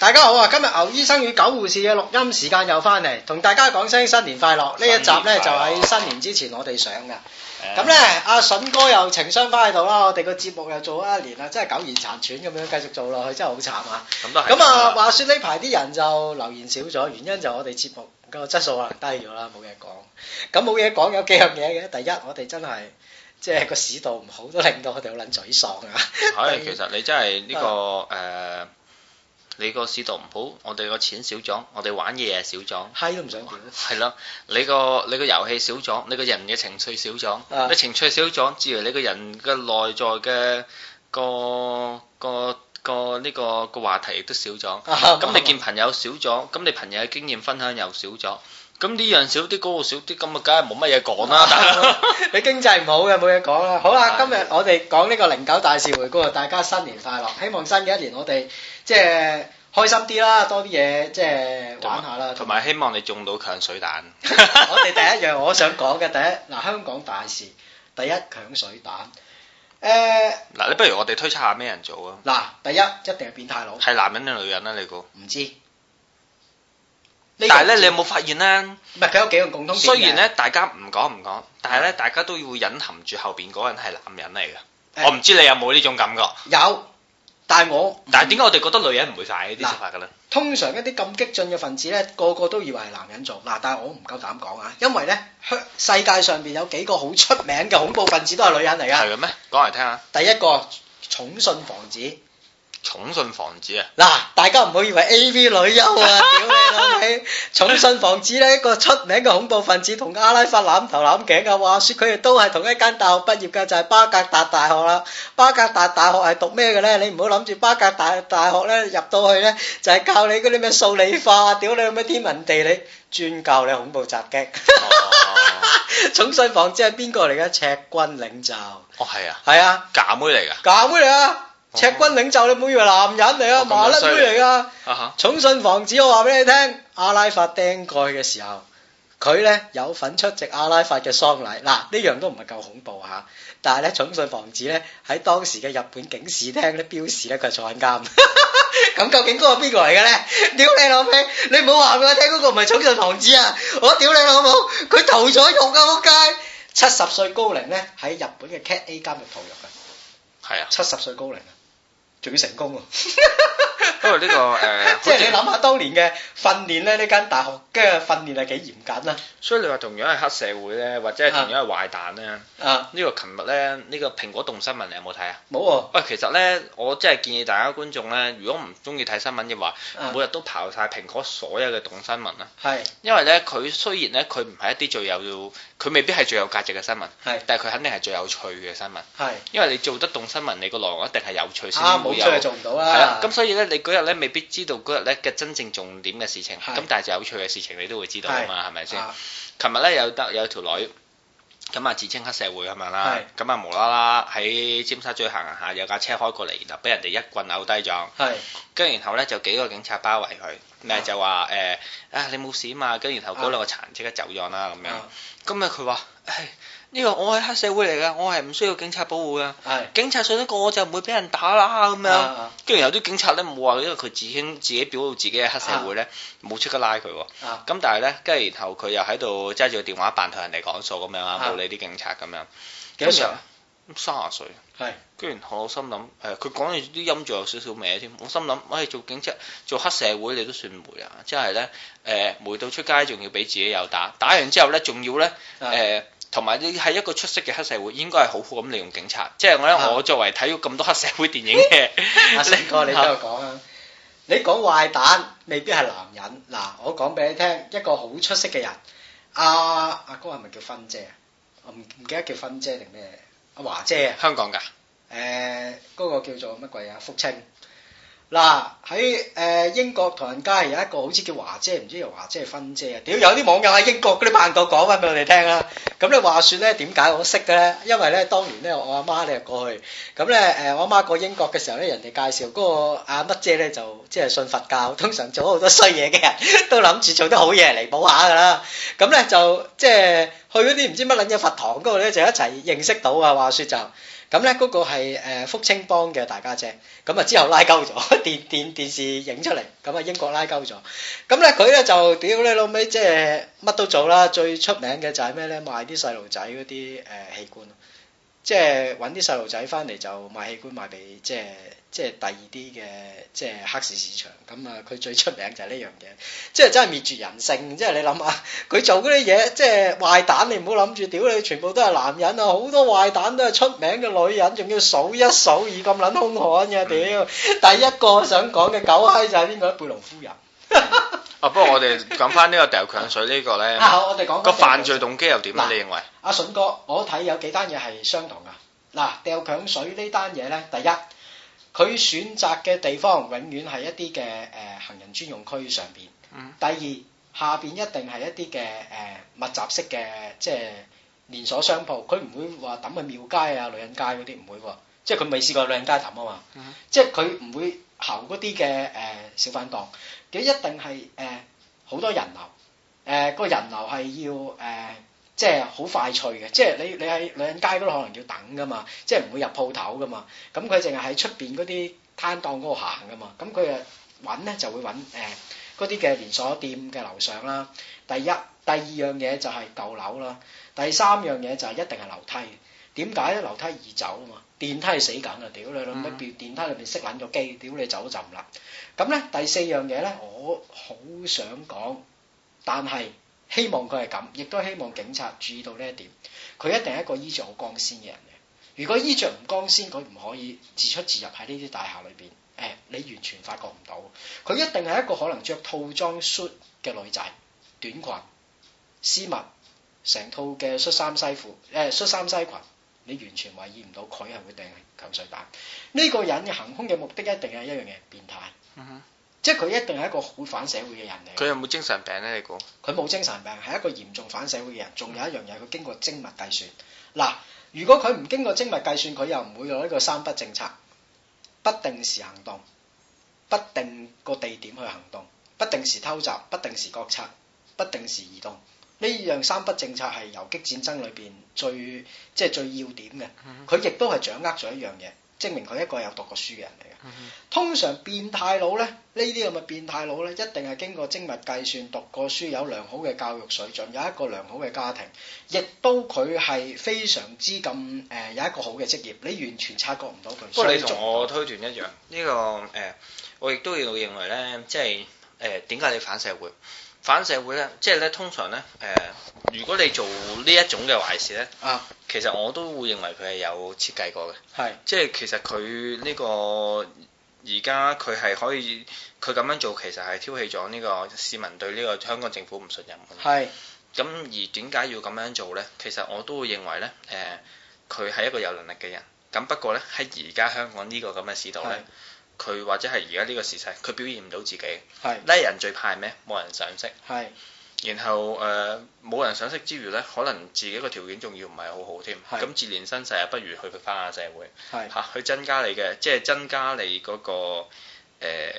大家好啊！今日牛醫生與狗護士嘅錄音時間又翻嚟，同大家講聲新年快樂。呢一集咧就喺新年之前我哋上嘅。咁咧阿筍哥又情商翻喺度啦。我哋個節目又做咗一年啦，真係苟延殘喘咁樣繼續做落去，真係好慘啊！咁啊，啊，話說呢排啲人就留言少咗，原因就我哋節目個質素可能低咗啦，冇嘢講。咁冇嘢講有幾樣嘢嘅，第一我哋真係即係個市道唔好，都令到我哋好撚沮喪啊！係，其實你真係呢、這個誒。呃你個市道唔好，我哋個錢少咗，我哋玩嘢少咗，閪都唔想見。係咯， 你個你個遊戲少咗，你個人嘅情緒少咗，啊、你情趣少咗，自然你個人嘅內在嘅個個個呢、呢個個話題亦都少咗。咁你見朋友少咗，咁、嗯、你朋友嘅經驗分享又少咗。咁呢樣少啲，嗰個少啲，咁啊，梗係冇乜嘢講啦。 你經濟唔好嘅，冇嘢講啦。好啊，今日我哋講呢個零九大事回顧，大家新年快樂，希望新嘅一年我哋即係開心啲啦，多啲嘢即係玩下啦。同埋樣希望你中到鏹水彈。 我哋第一樣，我想講嘅第一嗱香港大事，第一鏹水彈。誒、呃，嗱，你不如我哋推測下咩人做啊？嗱，第一一定係變態佬。係男人定女人啊？你估？唔知。但係咧，你有冇發現咧？唔係佢有幾個共通點。雖然咧，大家唔講唔講，但係咧，大家都會隱含住後邊嗰人係男人嚟嘅。欸、我唔知你有冇呢種感覺。有，但係我。但係點解我哋覺得女人唔會曬呢啲執法㗎咧？說說通常一啲咁激進嘅分子咧，個個都以為係男人做。嗱，但係我唔夠膽講啊，因為咧，世界上邊有幾個好出名嘅恐怖分子都係女人嚟㗎。係嘅咩？講嚟聽下。第一個，重信房子。重信房子啊！嗱，大家唔好以為 A V 女優啊，屌你老味！重信房子咧，一個出名嘅恐怖分子同阿拉法攬頭攬頸啊，話說佢哋都係同一間大學畢業噶，就係巴格達大學啦。巴格達大學係讀咩嘅咧？你唔好諗住巴格達大學咧，入到去咧，就係教你嗰啲咩數理化，屌你咩天文地理，專教你恐怖襲擊。重信房子係邊個嚟噶？赤軍領袖。哦，係啊。係啊。假妹嚟噶。假妹嚟啊！赤軍領袖，你唔好以為男人嚟啊，麻甩妹嚟噶。啊哈！重信房子，我話俾你聽，阿拉法釘蓋嘅時候，佢咧有份出席阿拉法嘅喪禮。嗱，呢樣都唔係夠恐怖吓，但係咧，重信房子咧，喺當時嘅日本警視廳咧標示咧，佢係坐緊監。咁究竟嗰個邊個嚟嘅咧？屌你老味，你唔好話俾我聽嗰個唔係重信房子啊！我屌你老母，佢逃獄啊！撲街，七十歲高齡咧喺日本嘅 cat A 監獄逃獄嘅。係啊，七十歲高齡啊。仲要成功喎，不過呢個誒，即係你諗下 當年嘅訓練咧，呢間大學嘅訓練係幾嚴格啦。所以你話同樣係黑社會咧，或者係同樣係壞蛋咧、啊，啊，個呢、這個琴日咧，呢個蘋果動新聞你有冇睇啊？冇喎、啊。喂，其實咧，我真係建議大家觀眾咧，如果唔中意睇新聞嘅話，啊、每日都刨晒蘋果所有嘅動新聞啦。係。因為咧，佢是雖然咧，佢唔係一啲最有效。佢未必係最有價值嘅新聞，係是，但係佢肯定係最有趣嘅新聞，係是，因為你做得動新聞，你個內容一定係有趣先，冇趣做唔到啊！係啦，咁所以咧，你嗰日咧未必知道嗰日咧嘅真正重點嘅事情，咁是但係有趣嘅事情你都會知道啊嘛，係咪先？琴吧、啊、日咧有得有條女，咁啊自稱黑社會咁樣啦，咁啊是無啦啦喺尖沙咀行下，有架車開過嚟，然後俾人哋一棍扭低咗，跟住是然後咧就幾個警察包圍佢。咪、嗯、就話誒、呃，啊你冇事啊嘛，跟住然後嗰兩個殘即刻走咗啦咁樣。咁啊佢話，呢、哎這個我係黑社會嚟噶，我係唔需要警察保護噶。係、嗯、警察上得過我就唔會俾人打啦咁樣。跟住、嗯嗯嗯、有啲警察咧唔會話，因為佢自己自己表露自己係黑社會咧，冇出得拉佢。啊，咁但係咧，跟、嗯、住、嗯嗯、然後佢又喺度揸住個電話扮同人哋講數咁樣，冇、嗯、理啲警察咁樣。咁就察。三啊歲，係，是居然好心諗，誒、哎，佢講啲音仲有少少歪添，我心諗，哎，做警察，做黑社會你都算梅啊，即係咧，誒、呃，梅到出街仲要俾自己有打，打完之後咧，仲要咧，誒、呃，同埋你喺一個出色嘅黑社會，應該係好好咁利用警察，即、就、係、是、我咧，啊、我作為睇咗咁多黑社會電影嘅，阿星哥，你都有講啊，你講壞蛋未必係男人，嗱，我講俾你聽，一個好出色嘅人，阿、啊、阿、啊啊、哥係咪叫芬姐？我唔唔記得叫芬姐定咩？阿華姐，香港噶。誒、呃，嗰、那個叫做乜鬼啊？福清。嗱喺誒英國唐人街有一個好似叫華姐，唔知叫華姐係芬姐啊！屌有啲網友喺英國嗰啲頻道講翻俾我哋聽啦。咁你話説咧點解我識嘅咧？因為咧當年咧我阿媽咧過去，咁咧誒我阿媽過英國嘅時候咧，人哋介紹嗰個阿乜姐咧就即係信佛教，通常做好多衰嘢嘅人， 都諗住做啲好嘢嚟補下㗎啦。咁咧就即係、就係、去嗰啲唔知乜撚嘢佛堂嗰度咧就一齊認識到啊話説就。咁咧嗰個係誒福清幫嘅大家姐，咁啊之後拉勾咗，電電電視影出嚟，咁啊英國拉勾咗，咁咧佢咧就屌你老味，即係乜都做啦，最出名嘅就係咩咧？賣啲細路仔嗰啲誒器官。即係揾啲細路仔翻嚟就賣器官，賣俾即係即係第二啲嘅即係黑市市場咁啊！佢最出名就係呢樣嘢，即係真係滅絕人性。即係你諗下，佢做嗰啲嘢，即係壞蛋。你唔好諗住，屌你全部都係男人啊！好多壞蛋都係出名嘅女人，仲要數一數二咁撚兇悍嘅。屌，第一個想講嘅狗閪就係邊個呢？貝隆夫人。 啊！不過我哋講翻呢個掉強水個呢個咧，啊、我講講個犯罪動機又點咧？啊、你認為？阿順、啊、哥，我睇有幾單嘢係相同噶。嗱、啊，掉強水呢單嘢咧，第一，佢選擇嘅地方永遠係一啲嘅誒行人專用區上邊。第二，下邊一定係一啲嘅誒密集式嘅即係連鎖商鋪，佢唔會話抌去廟街啊、女人街嗰啲，唔會喎、啊。即係佢未試過女人街抌啊嘛。嗯、即係佢唔會。行嗰啲嘅誒小販檔，佢一定係誒好多人流，誒、呃、個人流係要誒即係好快脆嘅，即係你你喺女人街嗰度可能要等噶嘛，即係唔會入鋪頭噶嘛，咁佢淨係喺出邊嗰啲攤檔嗰度行噶嘛，咁佢啊揾咧就會揾誒嗰啲嘅連鎖店嘅樓上啦，第一、第二樣嘢就係舊樓啦，第三樣嘢就係一定係樓梯。點解咧？樓梯易走啊嘛！電梯死緊啊！屌你諗唔諗電梯裏邊熄撚咗機？屌你走一陣啦！咁咧第四樣嘢咧，我好想講，但係希望佢係咁，亦都希望警察注意到呢一點。佢一定係一個衣着好光鮮嘅人嘅。如果衣着唔光鮮，佢唔可以自出自入喺呢啲大廈裏邊。誒、哎，你完全發覺唔到佢一定係一個可能着套裝 suit 嘅女仔，短裙絲襪成套嘅，恤衫西褲誒 s、呃、恤衫西裙。你完全懷疑唔到佢係會掟鏹水彈。呢、這個人行兇嘅目的一定係一樣嘢，變態。哼，即係佢一定係一個好反社會嘅人嚟。佢有冇精神病咧？你估？佢冇精神病，係一個嚴重反社會嘅人。仲有一樣嘢，佢經過精密計算。嗱，如果佢唔經過精密計算，佢又唔會攞一個三不政策：不定時行動、不定個地點去行動、不定時偷襲、不定時覺察、不定時移動。呢樣三不政策係游擊戰爭裏邊，最即係最要點嘅，佢亦都係掌握咗一樣嘢，證明佢一個有讀過書嘅人嚟嘅。通常變態佬咧，呢啲咁嘅變態佬咧，一定係經過精密計算、讀過書、有良好嘅教育水準、有一個良好嘅家庭，亦都佢係非常之咁誒有一個好嘅職業，你完全察覺唔到佢。不過你同我推斷一樣，呢、呢個誒、呃、我亦都要認為咧，即係誒點解你反社會？反社會咧，即係咧，通常咧，誒、呃，如果你做呢一種嘅壞事咧，啊，其實我都會認為佢係有設計過嘅，係是，即係其實佢呢、這個而家佢係可以佢咁樣做，其實係挑起咗呢個市民對呢個香港政府唔信任，係是，咁而點解要咁樣做咧？其實我都會認為咧，誒、呃，佢係一個有能力嘅人，咁不過咧喺而家香港這個這呢個咁嘅市道咧。佢或者係而家呢個時勢，佢表現唔到自己，係叻是人最怕咩？冇人賞識，係是。然後誒冇、呃、人賞識之餘呢，可能自己個條件仲要唔係好好添，咁是自憐身世啊，不如去去翻下社會，係是、啊、去增加你嘅，即係增加你嗰、那個、呃、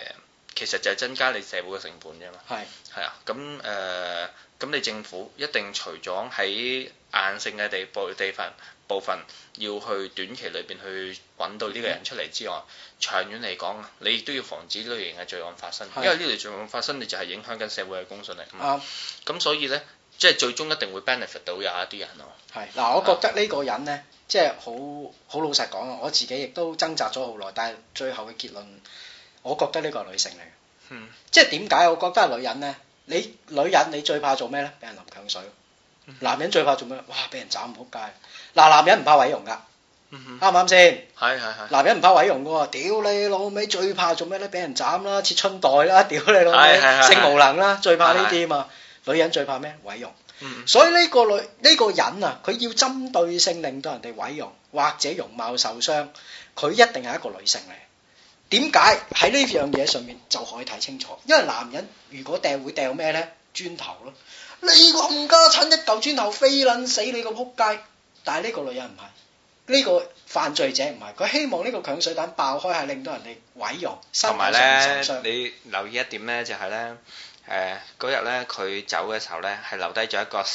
其實就係增加你社會嘅成本啫嘛，係係是啊。咁誒咁你政府一定除咗喺硬性嘅地部地盤。部分要去短期裏邊去揾到呢個人出嚟之外，嗯、長遠嚟講，你都要防止呢類型嘅罪案發生，是因為呢類罪案發生，你就係影響緊社會嘅公信力。咁、啊、所以呢，即係最終一定會 benefit 到有一啲人咯。係，嗱，我覺得呢個人呢，即係好好老實講啊，我自己亦都掙扎咗好耐，但係最後嘅結論，我覺得呢個係女性嚟嘅。嗯、即係點解我覺得係女人呢？你女人你最怕做咩呢？俾人淋鏹水。男人最怕做咩？哇！俾人斬唔扑街。嗱、啊，男人唔怕毀容噶，啱唔啱先？係係係。男人唔怕毀容噶，屌你老味，最怕做咩咧？俾人斬啦，切春袋啦，屌你老味，性無能啦，最怕呢啲啊嘛。女人最怕咩？毀容。所以呢個女呢、呢個人啊，佢要針對性令到人哋毀容或者容貌受傷，佢一定係一個女性嚟。點解喺呢樣嘢上面就可以睇清楚？因為男人如果掟會掟咩咧？磚頭咯。你個冚家鏟，一嚿磚頭飛撚死你個扑街！但係呢個女人唔係，呢個犯罪者唔係，佢希望呢個鏹水彈爆開係令到人哋毀容、身體上受傷，同埋咧，你留意一點咧，就係咧，誒，嗰日咧佢走嘅時候咧，係留低咗一個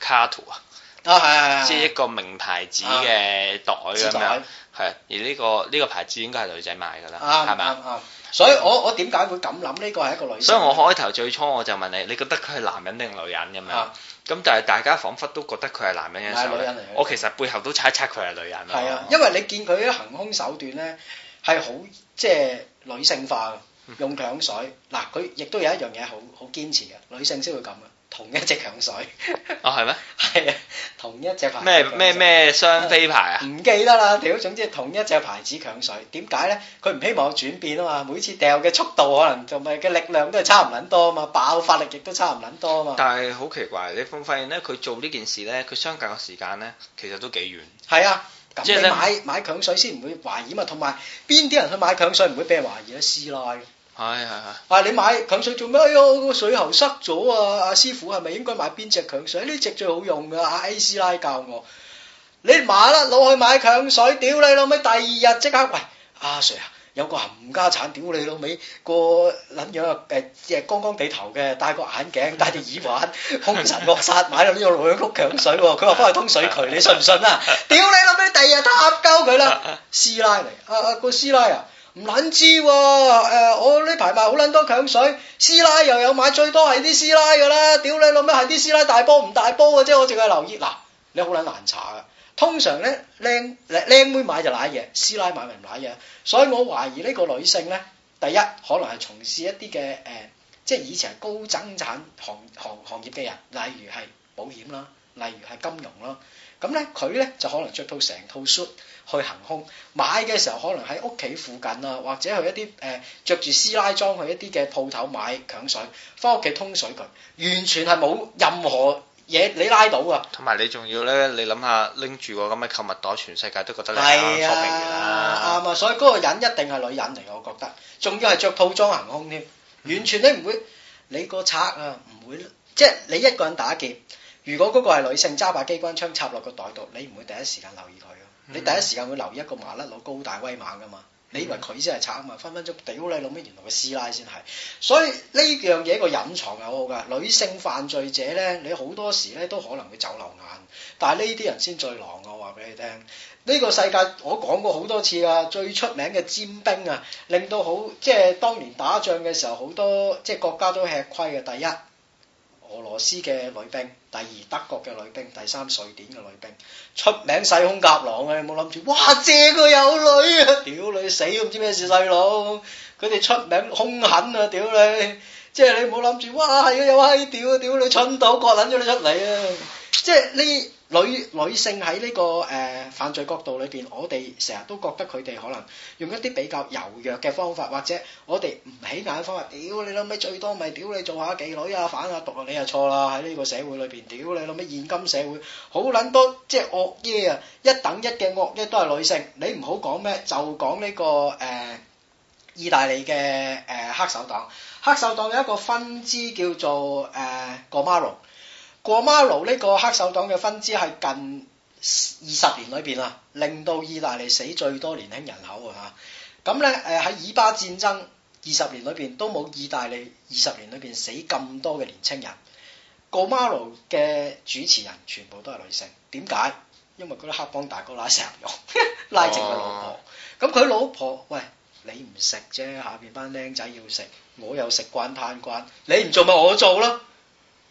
卡圖啊，啊，係係係，即係一個名牌紙嘅袋咁係而呢、這個呢、這個牌子應該係女仔買㗎啦，係嘛？嗯？吧所以我我點解會咁諗？呢個係一個女。所以我開頭最初我就問你，你覺得佢係男人定女人咁樣？咁是的 但係大家仿佛都覺得佢係男人嘅時候咧，女人女人我其實背後都猜一猜佢係女人啦。係啊，因為你見佢啲行凶手段咧係好即係女性化嘅，用鏹水嗱，佢亦都有一樣嘢好好堅持嘅，女性先會咁嘅。同一隻強水 哦，係咩？係啊，同一隻牌咩咩咩雙飛牌啊？唔記得啦，屌！總之係同一隻牌子強水，點解咧？佢唔希望轉變啊嘛，每次掉嘅速度可能同埋嘅力量都係差唔撚多啊嘛，爆發力亦都差唔撚多啊嘛。但係好奇怪，你會發現咧，佢做呢件事咧，佢相隔嘅時間咧，其實都幾遠。係啊，咁你買買強水先唔會懷疑啊，同埋邊啲人去買強水唔會俾人懷疑咧？師奶。係係係啊！哎、你買強水做咩？哎喲，個水喉塞咗啊！阿師傅係咪應該買邊隻強水？呢、啊、隻最好用噶。阿 A 師奶教我，你麻甩佬去買強水，屌你老味！第二日即刻喂阿 Sir 啊，Sir, 有個冚家鏟，屌你老味個捻樣誒！誒、呃，剛剛地頭嘅，戴個眼鏡，戴隻耳環，凶神惡煞，買咗呢個盧永福強水喎。佢話翻去通水渠，你信唔信啊？屌你老味！第二日撻鳩佢啦，師奶嚟阿阿個師奶啊！啊啊那個唔撚知喎、啊呃，我呢排賣好撚多強水，師奶又有買，最多係啲師奶㗎啦，屌你老母係啲師奶大波唔大波嘅啫，我淨係留意嗱，你好撚難查㗎，通常咧靚靚妹買就瀨嘢，師奶買咪唔瀨嘢，所以我懷疑呢個女性咧，第一可能係從事一啲嘅誒，即係以前係高增產行行行業嘅人，例如係保險啦，例如係金融啦。咁咧，佢咧就可能着套成套 suit 去行凶。買嘅時候可能喺屋企附近啊，或者去一啲誒著住師奶裝去一啲嘅鋪頭買鏹水，翻屋企通水佢，完全係冇任何嘢你拉到啊。同埋你仲要咧，你諗下拎住個咁嘅購物袋，全世界都覺得你係貨幣員啦，啱啊，啊！所以嗰個人一定係女人嚟，我覺得，仲要係着套裝行凶添，完全你唔會，嗯、你個賊啊唔會，即係你一個人打劫。如果嗰個係女性揸把機關槍插落個袋度，你唔會第一時間留意佢咯。Mm hmm. 你第一時間會留意一個麻甩佬高大威猛噶嘛？你以為佢先係賊啊嘛？分分鐘屌你老味，原來個師奶先係。所以呢樣嘢個隱藏係好好噶。女性犯罪者咧，你好多時咧都可能會走漏眼。但係呢啲人先最狼，我話俾你聽。呢、呢個世界我講過好多次啦，最出名嘅尖兵啊，令到好即係當年打仗嘅時候好多即係國家都吃虧嘅。第一。俄羅斯嘅女兵，第二德國嘅女兵，第三瑞典嘅女兵，出名細胸夾狼啊！你有冇諗住？哇，借佢、啊、有女啊！屌你死都唔知咩事，細佬，佢哋出名凶狠啊！屌你，即係你冇諗住，哇，啊，又閪屌啊！屌你蠢到割捻咗你出嚟啊！即係你。女女性喺呢、這個誒、呃、犯罪角度裏邊，我哋成日都覺得佢哋可能用一啲比較柔弱嘅方法，或者我哋唔起眼嘅方法。屌你老味最多咪屌你做下妓女啊、反下毒啊，你又錯啦！喺呢個社會裏邊，屌你老味現今社會好撚多即係惡嘢啊！一等一嘅惡嘢都係女性。你唔好講咩，就講呢、這個誒、呃、意大利嘅誒黑手黨，黑手黨有一個分支叫做誒、呃、Gomaro 過馬路呢個黑手黨嘅分支係近二十年裏邊啊，令到意大利死最多年輕人口啊吓。咁咧，誒喺以巴戰爭二十年裏邊都冇意大利二十年裏邊死咁多嘅年輕人。過馬路嘅主持人全部都係女性，點解？因為嗰啲黑幫大哥乸成日用拉直佢 老婆。咁佢、啊、老婆，喂，你唔食啫，下邊班僆仔要食，我又食慣貪慣，你唔做咪我做咯。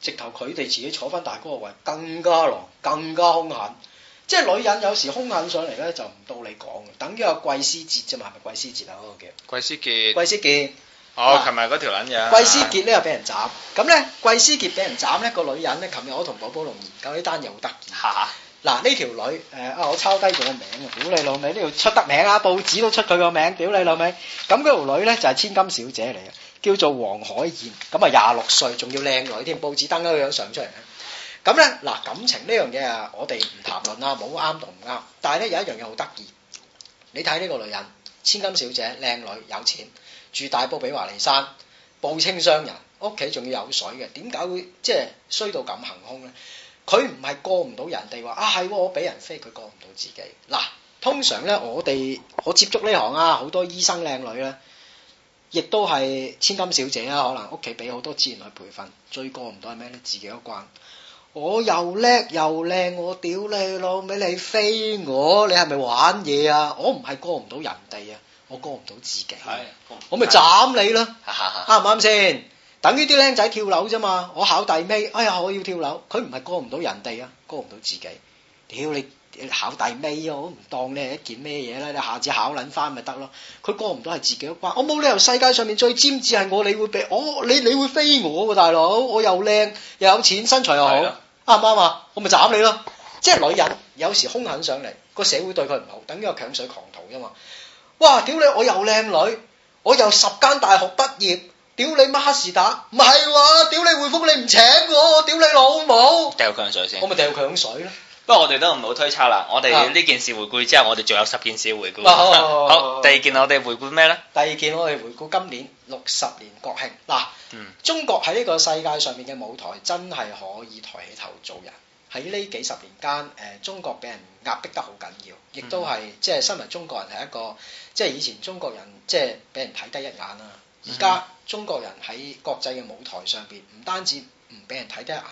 直頭佢哋自己坐翻大哥個位，更加狼，更加凶狠。即係女人有時凶狠上嚟咧，就唔到你講嘅，等於阿貴司杰啫嘛，係咪貴司杰啊，嗰個叫？貴司杰。貴司杰。哦，琴日嗰條卵嘢。貴司杰呢又俾人斬，咁咧貴司杰俾人斬咧，個女人咧，琴日我同寶寶龍研究呢單又得。吓。嗱呢條女誒，我抄低咗個名，屌你老味呢條出得名啊，報紙都出佢個名，屌你老味。咁嗰條女咧就係千金小姐嚟嘅。叫做黃海燕，咁啊廿六歲，仲要靚女添，報紙登咗個樣上出嚟。咁咧嗱，感情呢樣嘢啊，我哋唔談論啦，冇啱同唔啱。但係咧有一樣嘢好得意，你睇呢個女人，千金小姐，靚女，有錢，住大埔比華利山，報稱商人，屋企仲要有水嘅，點解會即係衰到咁行凶咧？佢唔係過唔到人哋話啊係我俾人飛，佢過唔到自己。嗱，通常咧我哋我接觸呢行啊，好多醫生靚女咧。亦都係千金小姐啊，可能屋企俾好多資源去培訓，最過唔到係咩呢？自己個關，我又叻又靚，我屌你老味，你飛我，你係咪玩嘢啊？我唔係過唔到人哋啊，我過唔到自己，我咪斬你咯，啱唔啱先？等於啲僆仔跳樓啫嘛，我考第尾，哎呀，我要跳樓，佢唔係過唔到人哋啊，過唔到自己，屌你！考大尾我都唔當你係一件咩嘢啦，你下次考捻翻咪得咯。佢過唔到係自己一關，我冇理由世界上面最尖子係我，你會俾我，哦，你你會飛我喎，大佬，我又靚又有錢，身材又好，啱唔啱啊？對對我咪斬你咯！即係女人有時凶狠上嚟，個社會對佢唔好，等於個鏹水狂徒啫嘛。哇！屌你，我又靚女，我又十間大學畢業，屌你乜黑事打？唔係話，屌你滙豐你唔請我，屌你老母！掉鏹水先，我咪掉鏹水咯。 不過我哋都唔好推測啦，我哋呢件事回顧之後，我哋仲有十件事回顧。 好，好，好，好，好，第二件我哋回顧咩咧？第二件我哋回顧今年六十年國慶。嗱，嗯、中國喺呢個世界上面嘅舞台真係可以抬起頭做人。喺呢幾十年間，誒、呃，中國俾人壓迫得好緊要，亦都係、嗯、即係身為中國人係一個，即係以前中國人即係俾人睇低一眼啦。而家中國人喺國際嘅舞台上邊，唔單止唔俾人睇低一眼。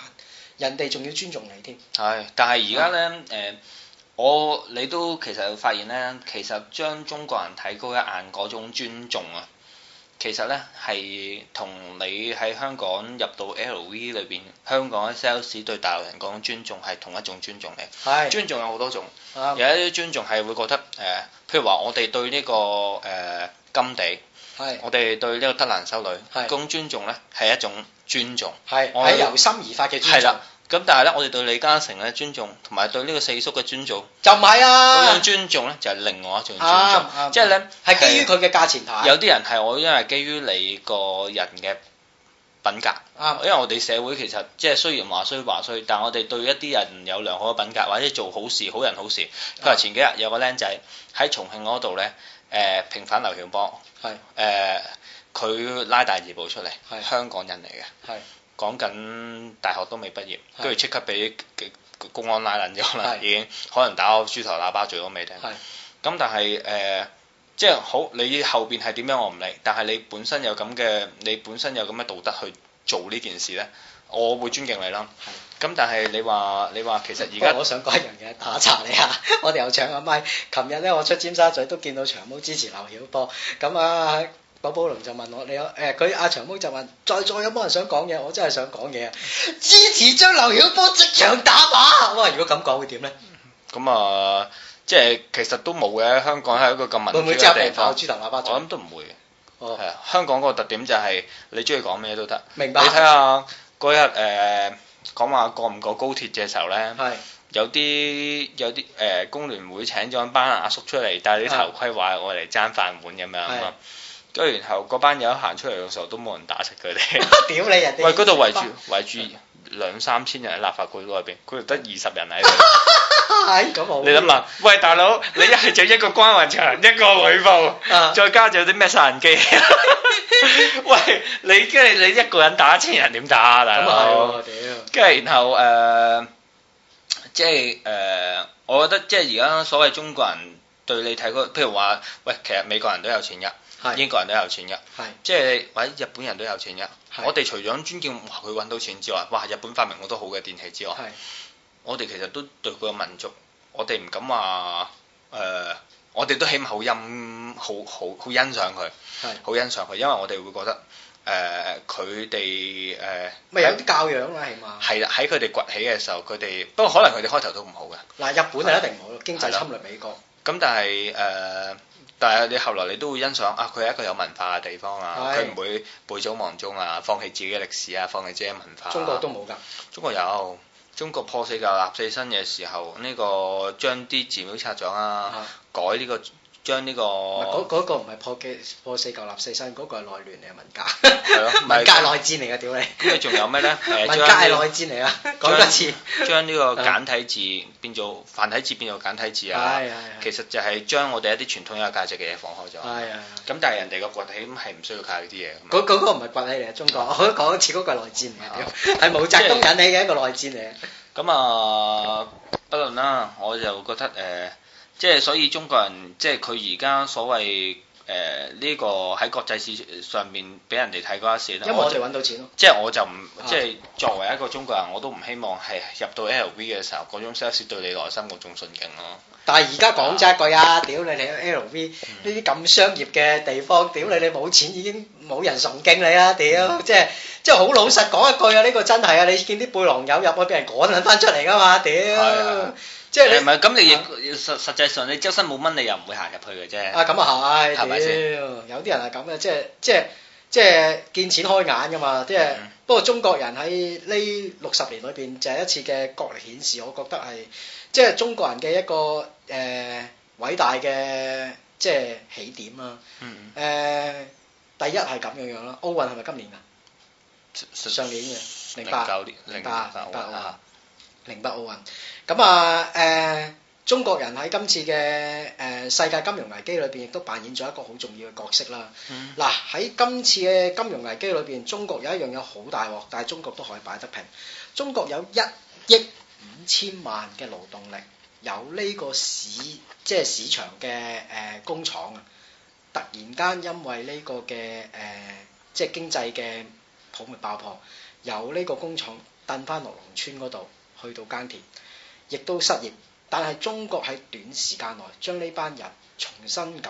人哋仲要尊重你添，係，但係而家咧，誒是的、呃，我你都其實會發現咧，其實將中國人睇高一眼嗰種尊重啊，其實咧係同你喺香港入到 L V 裏邊香港 sales 對大陸人嗰種尊重係同一種尊重嚟，係，是的 尊重有好多種，是的 有一啲尊重係會覺得誒、呃、譬如話、這個，我哋對呢個誒甘地。係，是我哋對呢個德蘭修女咁是尊重咧，係一種尊重，係是由心而發嘅尊重。係啦，咁但係咧，我哋對李嘉誠咧尊重，同埋對呢個四叔嘅尊重，就唔係啊。咁樣尊重咧，就係、是、另外一種尊重，即係咧係基於佢嘅價錢牌。是有啲人係我因為基於你個人嘅品格，啊、因為我哋社會其實即係雖然話衰話衰，但係我哋對一啲人有良好嘅品格，或者做好事好人好事。佢話前幾日有個僆仔喺重慶嗰度咧。誒、呃、平反劉曉波，係誒佢拉大字報出嚟，是香港人嚟嘅，講緊是大學都未畢業，跟住即刻俾公安拉攆咗啦，是已經可能打個豬頭喇叭罪都未定。咁是但係誒、呃，即係好你後邊係點樣我唔理，但係你本身有咁嘅，你本身有咁嘅道德去做呢件事咧？我會尊敬你啦，咁的，但係你話你話其實而家我想講一樣嘢，打查你啊！ 我哋又搶個麥。琴日咧，我出尖沙咀都見到長毛支持劉曉波，咁啊，古寶龍就問我：你有誒？佢、哎、阿長毛就問：再再有冇人想講嘢？我真係想講嘢啊！支持將劉曉波即場打靶哇！如果咁講會點咧？咁啊、嗯，即係、呃就是、其實都冇嘅。香港係一個咁民主嘅地方，會會我諗都唔會哦，係啊，香港個特點就係、是、你中意講咩都得。明白你看看。你睇下。嗰日誒講話過唔過高鐵嘅時候咧是，有啲有啲誒工聯會請咗班阿叔出嚟帶啲頭盔，話我嚟爭飯碗咁樣啊嘛，跟住是然後嗰班友行出嚟嘅時候，都冇人打實佢哋，屌你！喂、 嗯，嗰度圍住圍住。兩三千人喺立法會嗰邊，佢哋得二十人喺度。係咁 你諗下，喂大佬， 你一係就一個關雲長，一個呂布， 再加咗啲咩殺人機？ 喂，你即係你一個人打千人點打啊，大佬？屌。跟住然後誒，即係誒，我覺得即係而家所謂中國人對你睇過，譬如話，喂，其實美國人都有錢噶。英國人都有錢嘅，即係是或者日本人都有錢嘅。是我哋除咗尊敬佢揾到錢之外，哇！日本發明好多好嘅電器之外，是我哋其實都對佢嘅民族，我哋唔敢話誒、呃，我哋都起碼好欣，好好好欣賞佢，好欣賞佢，因為我哋會覺得誒佢哋誒，咪、呃呃、有啲教養啦，係嘛？係啦，喺佢哋崛起嘅時候，佢哋不過可能佢哋開頭都唔好嘅。嗱的，日本係一定唔好經濟侵略美國。咁但係誒。呃但係你後來你都會欣賞啊，佢係一個有文化嘅地方啊，佢唔的會背祖忘宗啊，放棄自己嘅歷史啊，放棄自己嘅文化、啊。中國都冇㗎，中國有，中國破四舊立四新嘅時候，呢、這個將啲寺廟拆咗啊，的改呢、這個。將呢個嗰個唔係破破四舊立四新。嗰個係內亂嚟嘅文革係咯，文革內戰嚟嘅，屌你！咁啊仲有咩咧？文革係內戰嚟啊！講一次，將呢個簡體字變做繁體字，變做簡體字啊！係啊！其實就係將我哋一啲傳統有價值嘅嘢放開咗。係啊！咁但係人哋個崛起咁係唔需要靠呢啲嘢。嗰個唔係崛起嚟啊！中國我講一次，嗰個係內戰嚟啊！屌，係毛澤東引起嘅一個內戰嚟。咁啊，不論啦，我就覺得誒。即係所以中國人，即係佢而家所謂誒呢個喺國際市場上面俾人哋睇嗰一線，因為我搵到錢咯，即係我，我就唔即係、啊、作為一個中國人，我都唔希望係入到 LV 嘅時候嗰種 sales 對你內心嗰種崇敬咯、啊。但係而家講真一句啊，屌、啊、你你 LV 呢啲咁商業嘅地方，屌、嗯、你你冇錢已經冇人崇敬你啊！屌、嗯、即係即係好老實講一句啊，呢、這個真係啊！你見啲背囊友入去，俾人趕撚翻出嚟噶嘛？屌。即係唔係咁？你實、啊、實際上你周身冇蚊，你又唔會行入去嘅啫。啊，咁啊係，係咪先？啊、有啲人係咁嘅，即係即係即係見錢開眼噶嘛？啲誒、嗯就是。不過中國人喺呢六十年裏邊，就係、是、一次嘅角力顯示，我覺得係即係中國人嘅一個誒、呃、偉大嘅即係起點啊。誒、嗯呃，第一係咁樣樣啦。奧運係咪今年啊？嗯、上年嘅零八九年零八零八啊。零八奧運，咁啊，誒、呃，中國人喺今次嘅誒、呃、世界金融危機裏邊，亦都扮演咗一個好重要嘅角色啦。嗱、嗯，喺今次嘅金融危機裏邊，中國有一樣嘢好大鑊，但係中國都可以擺得平。中國有一億五千萬嘅勞動力，有呢個市，即、就、係、是、市場嘅誒、呃、工廠啊，突然間因為呢個嘅誒，即、呃、係、就是、經濟嘅泡沫爆破，有呢個工廠掟返落農村嗰度。去到耕田，亦都失業，但係中國喺短時間內將呢班人重新咁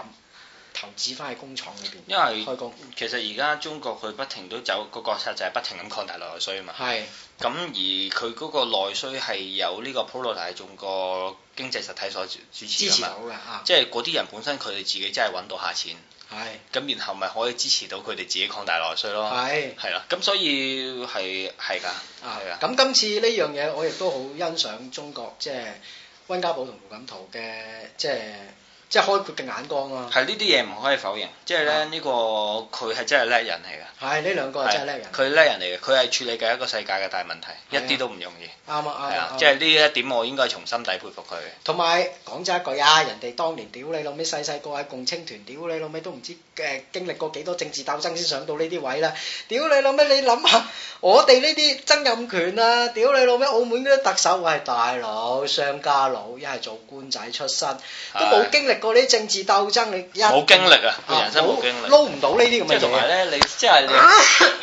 投資翻喺工廠裏邊，因為開工其實而家中國佢不停都走個國策就係不停咁擴大內需啊嘛。係。咁而佢嗰個內需係有呢個普羅大眾個經濟實體所支持,支持啊嘛。即係嗰啲人本身佢哋自己真係揾到下錢。係，咁然後咪可以支持到佢哋自己擴大內需咯。係的，係啦的，咁所以係係㗎，係的啊。咁的今次呢樣嘢我亦都好欣賞中國即係溫家寶同胡錦濤嘅即係。即係即係開闊嘅眼光啊！係呢啲嘢唔可以否認，即係咧呢個佢係、啊、真係叻人嚟㗎。係呢、哎、兩個係真係叻人。佢叻人嚟嘅，佢係處理嘅一個世界嘅大問題，對啊、一啲都唔容易。啱啊，對啊，啊，係啊，即係呢一點我應該從心底佩服佢。同埋講真一句啊，人哋當年屌你老味細細個喺共青團，屌你老味都唔知誒、呃、經歷過幾多政治鬥爭先上到呢啲位啦！屌你老味，你諗下我哋呢啲曾蔭權啊，屌你老味澳門啲特首，我、哎、係、哎、大佬、商家佬，一係做官仔出身，都冇經歷。過啲政治鬥爭一，你冇經歷啊，人生冇經歷，撈唔到呢啲咁嘅嘢。即咧，你即係你，啊、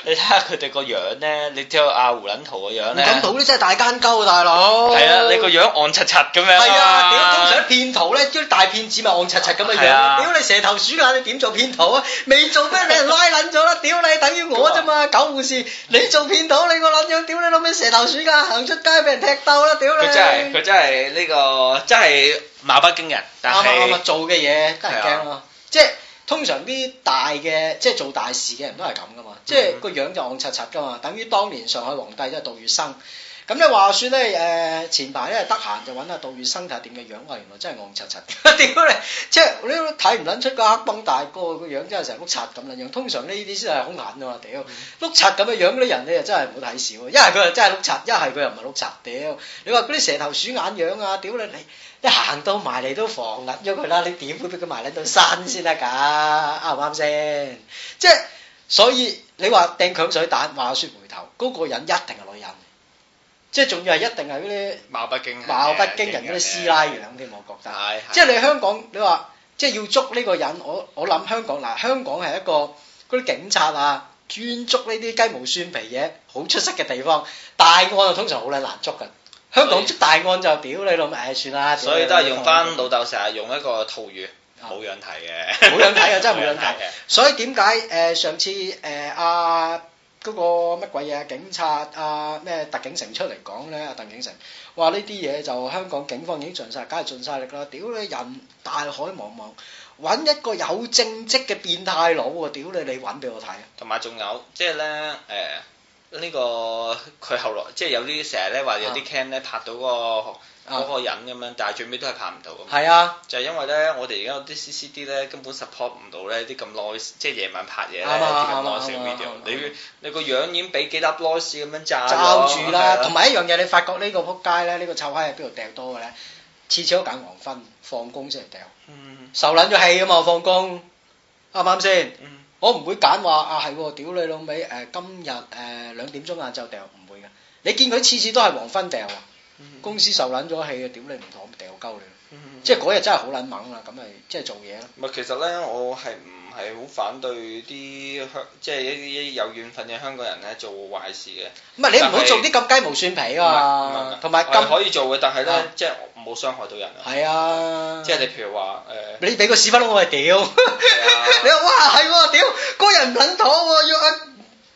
你睇下佢哋個樣咧，你睇阿胡捻圖個樣咧。咁圖啲真係大奸鳩、啊，大佬。係、哦、啊，你個樣戇柒柒咁樣。係啊，通常啲騙徒咧，啲大騙子咪戇柒柒咁嘅樣。屌你蛇頭鼠眼，你點做騙徒啊？未做咩？俾人拉捻咗啦！屌你等於，等於我啫嘛，狗護士。你做騙徒，你個捻樣？屌你諗咩蛇頭鼠眼，行出街俾人踢斗啦！屌你。佢真係，佢真係呢、這個，真係。真馬不驚人，但係做嘅嘢得人驚咯。即係通常啲大嘅，即係做大事嘅人都係咁噶嘛。即係個樣就戇柒柒噶嘛。等於當年上海皇帝即係杜月笙。咁咧話説咧，誒前排咧得閒就揾下杜月笙睇下點嘅樣啊。原來真係戇柒柒。屌你，即係你睇唔撚出個黑幫大哥個樣，真係成碌柒咁樣樣。通常呢啲先係好難啊。屌碌柒咁嘅樣嗰啲人咧，又真係冇睇少。一係佢又真係碌柒，一係佢又唔係碌柒。屌你話嗰啲蛇頭鼠眼樣啊！屌你你～你行到埋嚟都防銀喐佢啦，你點會俾佢埋捻到山先得㗎？啱唔啱先？即係，所以你話掟強水彈話説回頭，嗰個人一定係女人，即係仲要係一定係嗰啲貌不驚貌不驚人嗰啲師奶樣添，麼我覺得。即係你香港，你話即係要捉呢個人，我我諗香港嗱，香港係一個嗰啲警察啊專捉呢啲雞毛蒜皮嘢好出色嘅地方，但大案就通常好撚難捉㗎。香港出大案就屌你老，誒、哎、算啦。所以都係用翻老豆成日用一個套語，冇、啊、樣睇嘅，冇 樣睇嘅真係冇樣睇。嘅。」所以點解誒上次誒阿嗰個乜鬼嘢警察阿咩特警成出嚟講咧？阿鄧景成話呢啲嘢就香港警方已經盡晒，梗係盡晒力啦。屌你人大海茫茫，揾一個有正職嘅變態佬，屌你你揾俾我睇。同埋仲有即係咧誒。就是呢個佢後來即係有啲成日咧話有啲 cam 咧拍到個嗰個人咁樣，但係最尾都係拍唔到。咁係啊，就係因為咧，我哋而家有啲 CCD 咧根本 support 唔到咧啲咁 noise 即係夜晚拍嘢咧啲咁 noise video。你你個樣已經俾幾粒 noise 咁樣罩住啦。同埋一樣嘢，你發覺呢個撲街咧，呢個臭閪喺邊度釣多嘅咧？次次都揀黃昏放工先嚟釣，受撚咗氣啊嘛！放工啱唔啱先？我唔會揀話啊係喎，屌你老味。誒、呃、今日誒、呃、兩點鐘晏晝掉唔會㗎，你見佢次次都係黃昏掉，啊、嗯，公司受撚咗氣啊，屌你唔妥掉鳩你，嗯嗯嗯、即係嗰日真係好撚猛啦，咁咪即係做嘢咯。唔係其實咧，我係唔係好反對啲香，即係一啲有緣份嘅香港人咧做壞事嘅。唔係是你唔好做啲咁雞毛蒜皮啊嘛。同埋咁可以做嘅，但係咧、啊、即係冇傷害到人。係是啊，即係你譬如話誒。欸、你俾個屎忽窿我係屌，你話哇係喎屌，嗰、啊、人唔肯妥喎、啊，要阿、啊、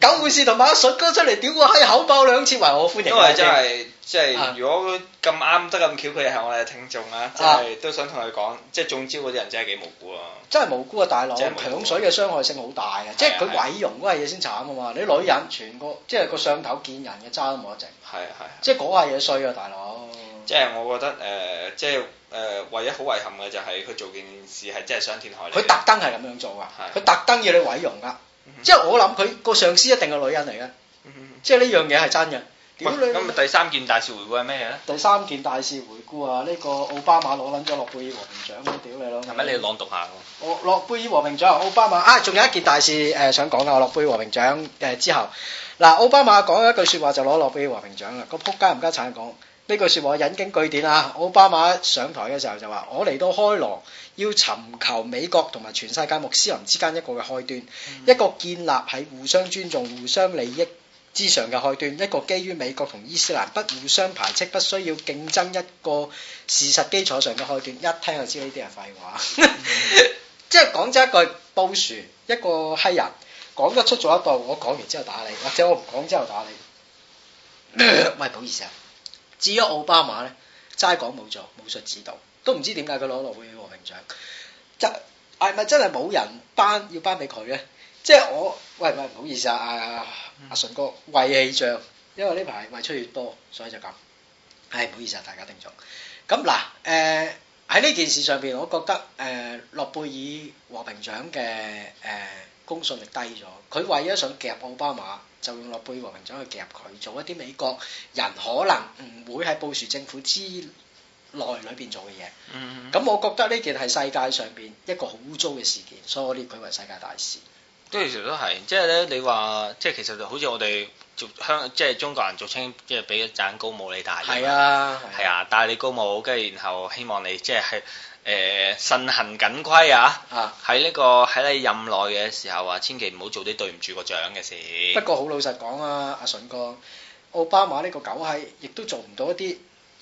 九尾獅同阿術哥出嚟屌我閪口爆兩次還我歡迎。因為真係。即係如果咁啱得咁巧，佢係我哋嘅聽眾啊，即係都想同佢講，即係中招嗰啲人真係幾無辜。啊，真係無辜啊，大佬！即係鏹水嘅傷害性好大啊！即係佢毀容嗰樣嘢先慘啊嘛！你女人全個即係個上頭見人嘅揸都冇得剩。係係。即係嗰樣嘢衰啊，大佬！即係我覺得誒，即係誒，唯一好遺憾嘅就係佢做件事係真係傷天害理。佢特登係咁樣做啊！佢特登要你毀容噶，即係我諗佢個上司一定係個女人嚟嘅，即係呢樣嘢係真嘅。唔，咁第三件大事回顧係咩咧？第三件大事回顧啊！呢個奧巴馬攞撚咗諾貝爾和平獎，屌你老，係咪你朗讀下喎？我諾貝爾和平獎，奧巴馬啊！仲有一件大事誒、呃、想講㗎，我諾貝爾和平獎誒之後，嗱，奧巴馬講咗一句説話就攞諾貝爾和平獎啦！個撲街唔加產講呢句説話引經據典啊！奧巴馬上台嘅時候就話：我嚟到開羅要尋求美國同埋全世界穆斯林之間一個嘅開端，嗯、一個建立喺互相尊重、互相利益。之上嘅開端，一個基於美國同伊斯蘭不互相排斥、不需要競爭一個事實基礎上嘅開端，一聽就知呢啲係廢話。即係講咗一句，布殊一個黑人講得出咗一步。我講完之後打你，或者我唔講之後打你。 喂，唔好意思啊。至於奧巴馬咧，齋講冇做，武術指導，都唔知點解佢攞諾貝爾和平獎。即係、係係真係咪真係冇人頒要頒俾佢嘅？即係我喂喂，唔好意思啊，阿阿順哥胃氣脹，因為呢排胃出血多，所以就咁。係唔好意思啊，大家聽眾。咁嗱，誒喺呢件事上邊，我覺得誒諾貝爾和平獎嘅誒公信力低咗。佢為咗想夾奧巴馬，就用諾貝爾和平獎去夾佢，做一啲美國人可能唔會喺布殊政府之內裏邊做嘅嘢。嗯哼。咁我覺得呢件係世界上邊一個好污糟嘅事件，所以我列佢為世界大事。都其實都係，即係咧，你話即係其實就好似我哋做香，即係中國人做清，即係俾一盞高帽你戴嘅。係啊，係啊，戴、啊、你高帽。跟住然後希望你即係誒、呃，慎行謹規啊，喺呢、啊這個喺你任內嘅時候啊，千祈唔好做啲對唔住個獎嘅事。不過好老實講啊，阿順哥，奧巴馬呢個狗係亦都做唔到一啲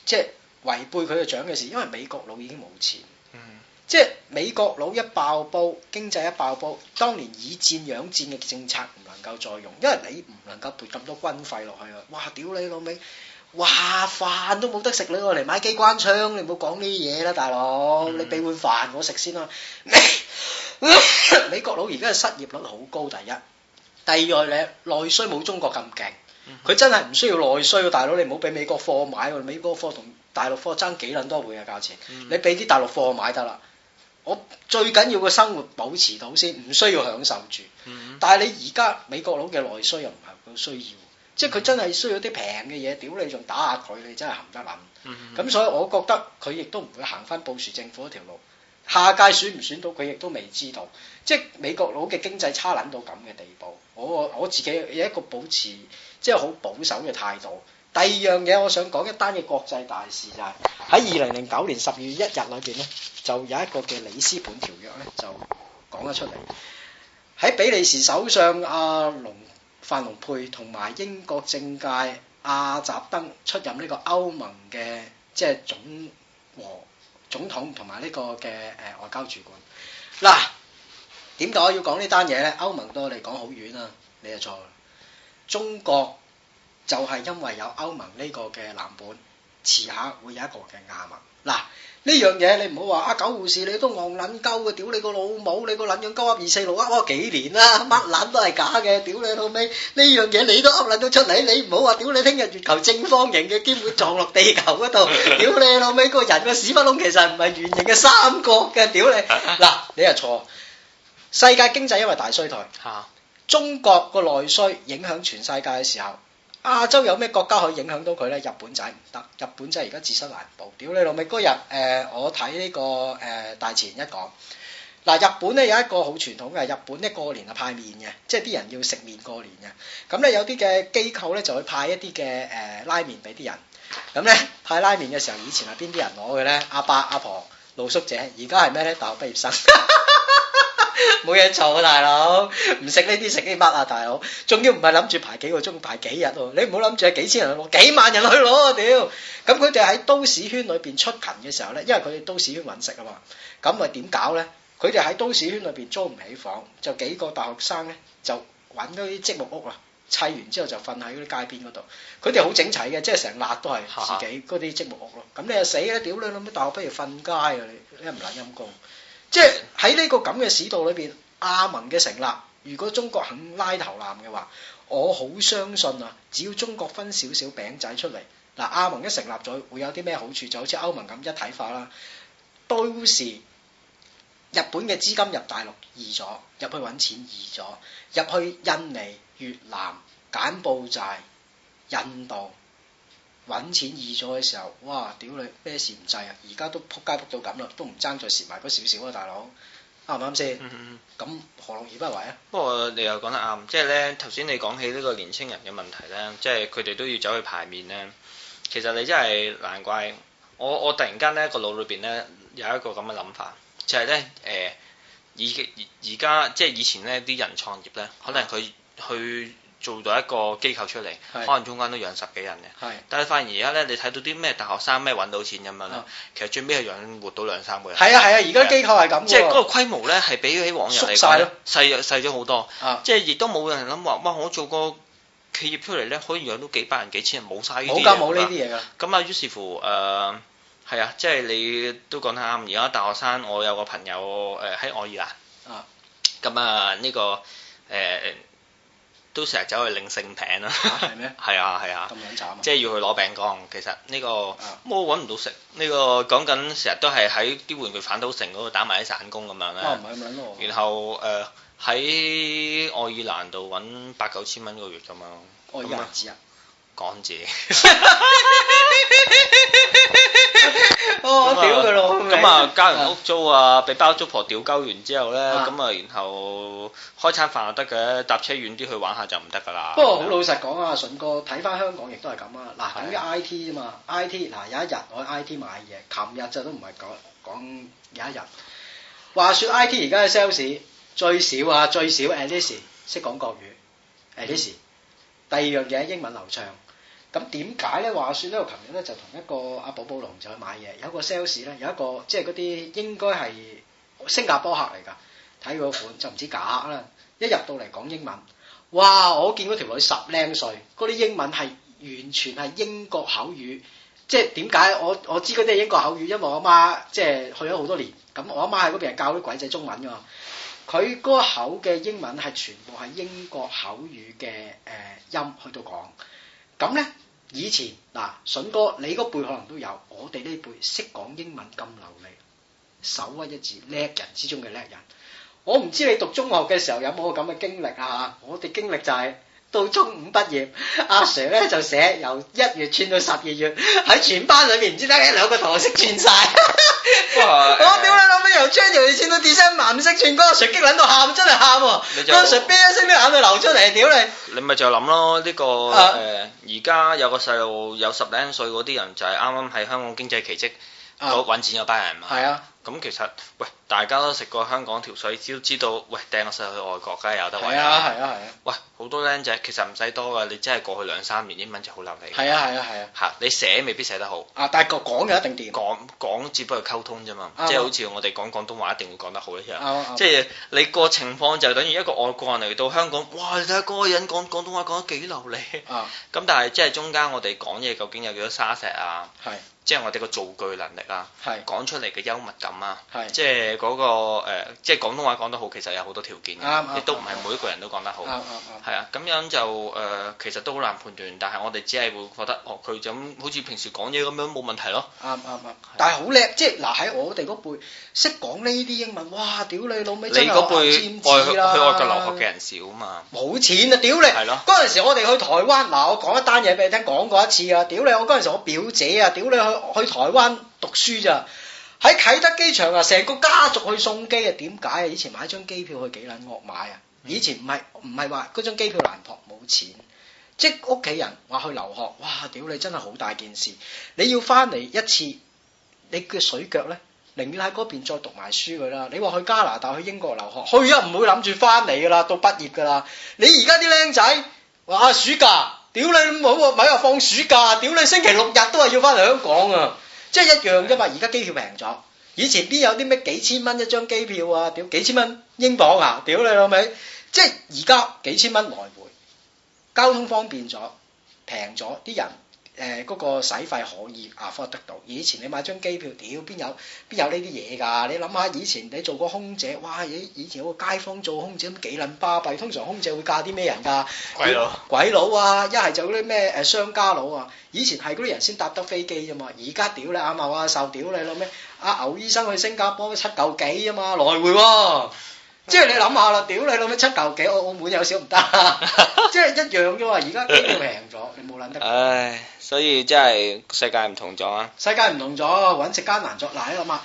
即係違背佢嘅獎嘅事，因為美國佬已經冇錢。即係美國佬一爆煲，經濟一爆煲，當年以戰養戰嘅政策唔能夠再用，因為你唔能夠撥咁多軍費落去啊！哇，屌你老味，哇飯都冇得食你，我嚟買機關槍，你唔好講呢啲嘢啦，大佬，嗯、你俾碗飯我食先啦。 美國佬而家嘅失業率好高，第一，第二外咧，你內需冇中國咁勁，佢、嗯、真係唔需要內需，大佬你唔好俾美國貨買，美國貨同大陸貨爭幾捻多倍嘅價錢，嗯、你俾啲大陸貨買得啦。我最緊要嘅生活保持到先，唔需要享受住。但係你而家美國佬嘅內需又唔係咁需要，即係佢真係需要啲平嘅嘢，屌你仲打下佢，你真係行得攬。咁、嗯、所以我覺得佢亦都唔會行翻布殊政府嗰條路，下屆選唔選到佢亦都未知道。即係美國佬嘅經濟差撚到咁嘅地步，我我自己有一個保持即係好保守嘅態度。第二樣嘢，我想講一單嘅國際大事就係喺二零零九年十二月一日裏邊咧，就有一個嘅里斯本條約咧，就講咗出嚟。喺比利時首相阿、啊、龍范龍佩同埋英國政界阿扎登出任呢個歐盟嘅即係總和總統同埋呢個嘅誒外交主管。嗱，點解我要講呢單嘢咧？歐盟對我哋講好遠啊！你就錯，中國。就係因為有歐盟呢個嘅藍本，遲下會有一個嘅亞盟。嗱，呢樣嘢你唔好話啊，狗護士你都戇撚鳩嘅，屌你個老母，你個撚樣鳩噏二四六啊，我幾年啦、啊，乜撚都係假嘅，屌你老味，呢樣嘢你都噏撚到出嚟，你唔好話，屌你聽日月球正方形嘅，堅會撞落地球嗰度，屌你老味，個人個屎窟窿其實唔係圓形嘅三角嘅，屌你！嗱，你又錯。世界經濟因為大衰退，中國個內需影響全世界嘅時候。亞洲有咩國家可以影響到佢咧？日本仔唔得，日本仔而家自身難保。屌你老味嗰日，誒、呃、我睇呢、這個誒、呃、大前一講，嗱、呃、日本咧有一個好傳統嘅，日本咧過年啊派麵嘅，即係啲人要食麵過年嘅。咁咧有啲嘅機構咧就會派一啲嘅誒拉麵俾啲人。咁咧派拉麵嘅時候，以前係邊啲人攞嘅咧？阿伯、阿婆、露宿者，而家係咩咧？大學畢業生。 冇嘢做啊，大佬！唔食呢啲食啲乜啊，大佬！仲要唔係諗住排幾個鐘排幾日喎、啊？你唔好諗住係幾千人去攞幾萬人去攞啊！屌、啊！咁佢哋喺都市圈裏邊出勤嘅時候咧，因為佢哋都市圈揾食啊嘛，咁咪點搞咧？佢哋喺都市圈裏邊租唔起房，就幾個大學生咧就揾嗰啲積木屋啦，砌完之後就瞓喺嗰啲街邊嗰度。佢哋好整齊嘅，即係成笪都係自己嗰啲積木屋咯。咁 你就死啦！屌你老母，大學不如瞓街啊！你唔撚陰功。即係喺呢個咁嘅市道裏邊，亞盟嘅成立，如果中國肯拉頭纜嘅話，我好相信啊！只要中國分少少餅仔出嚟，嗱，亞盟一成立咗，會有啲咩好處？就好似歐盟咁一體化啦，到時日本嘅資金入大陸易咗，入去揾錢易咗，入去印尼、越南、柬埔寨、印度。揾錢易咗嘅時候，哇！屌你咩事唔制啊！而家都撲街撲到咁啦，都唔爭再蝕埋嗰少少啊，大佬啱唔啱先？咁、嗯嗯、何樂而不為啊？不過你又講得啱，即係呢頭先你講起呢個年青人嘅問題呢，即係佢哋都要走去排面呢。其實你真係難怪我我突然間呢、這個腦裏邊呢，有一個咁嘅諗法，就係、是、呢，誒、呃，而而家即係以前呢啲人創業呢，可能佢去。做到一個機構出嚟，可能中間都養十幾人嘅。但係發現而家咧，你睇到啲咩大學生咩搵到錢咁樣啦，其實最尾係養活到兩三個人。係啊係啊，而家機構係咁。即係嗰個規模咧，係比起往日縮曬細咗好多。即係亦都冇人諗話，哇！我做個企業出嚟咧，可以養到幾百人、幾千人，冇晒呢啲㗎。冇，冇呢啲嘢㗎。咁啊，於是乎誒係啊，即係你都講得啱。而家大學生，我有個朋友誒喺愛爾蘭。啊。咁啊，呢個誒。都成日走去領剩餅啦，係咩？係啊係啊，咁即係要去攞餅乾。其實呢、呢個、啊、我揾唔到食，呢、呢個講緊成日都係喺啲玩具反斗城嗰度打埋啲散工咁樣咧。啊、然後誒喺的、呃、愛爾蘭度揾八九千蚊個月咁樣。哦港姐，我屌佢咯咁啊！交完屋租啊，俾包租婆屌鳩完之後咧，咁 啊，然後開餐飯就得嘅，搭車遠啲去玩下就唔得噶啦。不過好老實講啊，順哥睇翻香港亦都係咁啊。嗱，等啲 I T 啫嘛，I T 嗱有一日我喺 I T 買嘢，琴日就都唔係講講有一日。話説 I T 而家嘅 sales 最少啊，最少 at least 識講國語 at least、mm. 第二樣嘢英文流暢。咁點解咧？話説呢，我琴日咧就同一個阿寶寶龍就去買嘢，有個 sales 咧，有一個，有一個即係嗰啲應該係新加坡客嚟㗎，睇嗰款就唔知假啦。一入到嚟講英文，哇！我見嗰條女十零歲，嗰啲英文係完全係英國口語，即係點解我我知嗰啲係英國口語，因為我阿媽即係去咗好多年，咁我阿媽喺嗰邊係教啲鬼仔中文㗎嘛。佢嗰口嘅英文係全部係英國口語嘅誒、呃、音去到講，咁咧。以前嗱，筍哥你嗰輩可能都有，我哋呢輩識講英文咁流利，首屈一指叻人之中嘅叻人。我唔知你讀中學嘅時候有冇咁嘅經歷啊？我哋經歷就係、是、到中五畢業阿、啊、Sir 咧就寫由一月串到十二月，喺全班裏面唔知得一兩個同學識串晒。 哇啊、我屌你，諗起由 changer 到 design，藍色轉哥，阿 Sir 激捻到喊，真係喊喎，阿 Sir 啤一聲啲眼淚流出嚟，屌你就！你咪就諗咯，呢、這個誒，而家、啊呃、有個細路有十零歲嗰啲人，就係啱啱喺香港經濟奇蹟嗰搵錢嗰班人嘛，係啊。咁其實，喂，大家都食過香港條水之後，都知道，喂，掟我上去外國梗係有得玩。係、啊啊啊、喂，好多僆仔其實唔使多噶，你真係過去兩三年英文就好流利。係啊，係啊，係啊。嚇、啊，你寫未必寫得好。啊，但係講就一定掂。講講只不過溝通啫嘛，啊、即係好似我哋講廣東話一定會講得好一樣。啊啊、即係你個情況就等於一個外國人嚟到香港，哇！你睇下嗰個人講廣東話講得幾流利。咁、啊嗯、但係即係中間我哋講嘢究竟有幾多沙石啊？啊即係我哋個造句能力啊，講出嚟嘅幽默感啊，即係嗰個誒，即係廣東話講得好，其實有好多條件嘅，亦都唔係每一個人都講得好。啱啊，咁樣就誒，其實都好難判斷，但係我哋只係會覺得，哦，佢就咁好似平時講嘢咁樣冇問題咯。啱啱但係好叻，即係嗱喺我哋嗰輩識講呢啲英文，哇！屌你老味你嗰輩去外國留學嘅人少啊嘛。冇錢啊！屌你。係咯。嗰陣時我哋去台灣，嗱我講一單嘢俾你聽，講過一次啊！屌你，我嗰陣時我表姐啊，屌你去。去台灣讀書咋？喺啟德機場啊，成個家族去送機啊？點解啊？以前買張機票去幾撚惡買啊？以前唔係唔係話嗰張機票難撲冇錢，即屋企人話去留學，哇！屌你真係好大件事，你要翻嚟一次，你嘅水腳咧，寧願喺嗰邊再讀埋書㗎啦。你話去加拿大、去英國留學，去啊，唔會諗住翻嚟㗎啦，到畢業㗎啦。你而家啲僆仔話啊，暑假。屌你咁好啊，咪係話放暑假，屌你星期六日都係要翻嚟香港啊，即係一樣啫嘛。而家機票平咗，以前邊有啲咩幾千蚊一張機票啊？屌幾千蚊英鎊啊？屌你老味，即係而家幾千蚊來回，交通方便咗，平咗啲人。誒嗰、呃那個使費可以啊，可得到。以前你買張機票，屌邊有邊有呢啲嘢㗎？你諗下，以前你做個空姐，哇！以以前有個街坊做空姐咁幾撚巴閉，通常空姐會嫁啲咩人㗎？鬼佬、鬼佬啊！一係就嗰啲咩誒商家佬啊。以前係嗰啲人先搭得飛機啫嘛。而家屌你，阿牛阿受屌你咯咩？阿、啊、牛醫生去新加坡七九幾啊嘛，來回喎、啊。即係你諗下啦，屌你老母七嚿幾，澳澳門有少唔得，即係一樣啫喎。而家機票平咗，你冇諗得。唉，所以真係世界唔同咗啊！世界唔同咗，揾食艱難咗。嗱，你諗下，